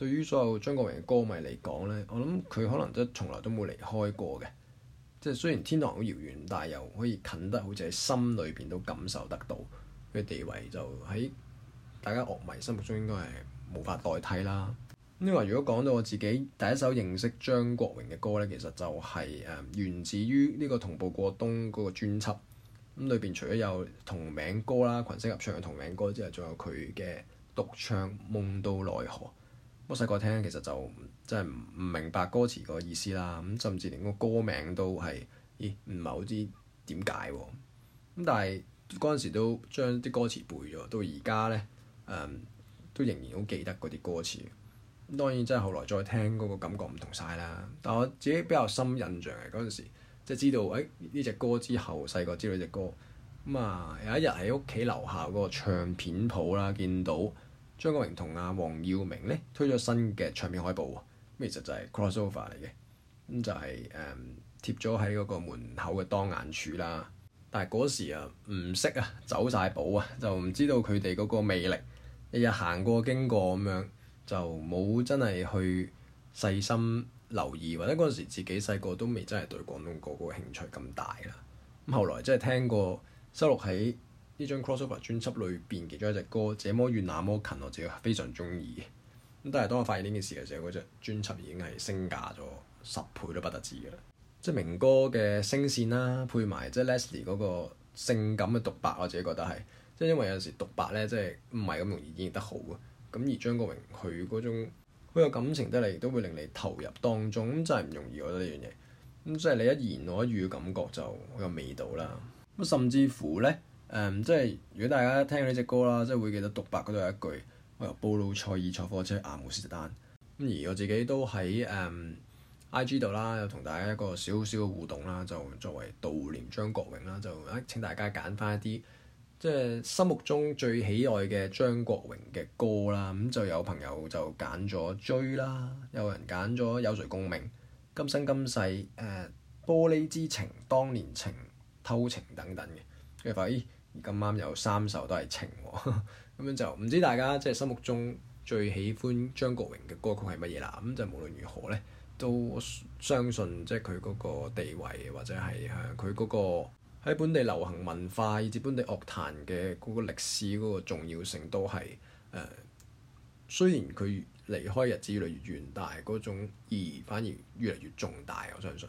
對於所有張國榮嘅歌迷嚟講呢，我諗佢可能都從來都冇離開過嘅，即係雖然天堂好遙遠，但係又可以近得好似喺心裏邊都感受得到佢嘅地位，就喺大家樂迷心目中應該係無法代替啦。呢，你話如果講到我自己第一首認識張國榮嘅歌呢，其實就係源自於呢、呢個同步過冬嗰個專輯，咁裏邊除咗有同名歌啦、群星合唱嘅同名歌之外，仲有佢嘅獨唱《夢到內河》。我細個聽，其實就真係唔明白歌詞個意思啦，咁甚至連個歌名都係，咦，唔係好知點解喎？咁但係嗰陣時都將啲歌詞背咗，到而家咧，誒、嗯、都仍然好記得嗰啲歌詞。咁當然即係後來再聽嗰、嗰個感覺唔同晒啦。但我自己比較深印象嘅嗰陣時，即係知道誒呢隻歌之後，細個知道隻歌。咁、嗯、啊有一日喺屋企樓下嗰個唱片鋪啦，見到。張國榮同阿黃耀明咧推咗新嘅唱片海報，咁其實就係 crossover 嚟嘅，咁就係、是、誒、嗯、貼咗喺嗰個門口嘅當眼處啦。但係嗰時啊唔識啊走晒寶啊，就唔知道佢哋嗰個魅力，日日行過經過咁樣就冇真係去細心留意，或者嗰陣時自己細個都未真係對廣東歌嗰個興趣咁大啦。咁後來真係聽過收錄喺呢張 crossover 專輯裏邊其中一隻歌《這麼遠那麼近》，我自己非常中意。咁但係當我發現呢件事嘅時候，嗰隻專輯已經係升價咗十倍都不得止嘅。即係明哥嘅聲線啦、啊，配埋即係 Leslie 嗰個性感嘅獨白、啊，我自己覺得係即係因為有時獨白咧，即係唔係咁容易演繹得好嘅。咁而張國榮佢嗰種好有感情得嚟，亦都會令你投入當中咁，真係唔容易、啊、我覺得呢樣嘢。咁即係你一言我一語嘅感覺就好有味道啦。咁甚至乎咧～誒，um, 即係如果大家聽呢隻歌啦，即係會記得獨白嗰度有一句，我由布魯塞爾坐火車阿姆斯特丹。咁而我自己都喺誒、um, IG 度啦，又同大家一個小小嘅互動啦，就作為悼念張國榮啦，就誒請大家揀返一啲，即係心目中最喜愛嘅張國榮嘅歌啦。咁就有朋友就揀咗追啦，有人揀咗有誰共鳴、今生今世、誒、呃、玻璃之情、當年情、偷情等等嘅。跟住發現，哎而咁啱有三首都係情，咁樣就唔知大家即係心目中最喜歡張國榮嘅歌曲係乜嘢啦。咁就無論如何咧，都我相信即係佢嗰個地位，或者係誒佢嗰個喺本地流行文化以至本地樂壇嘅嗰個歷史嗰個重要性都係誒、呃、雖然佢離開日子越嚟越遠，但係嗰種意義反而越嚟越重大，我相信。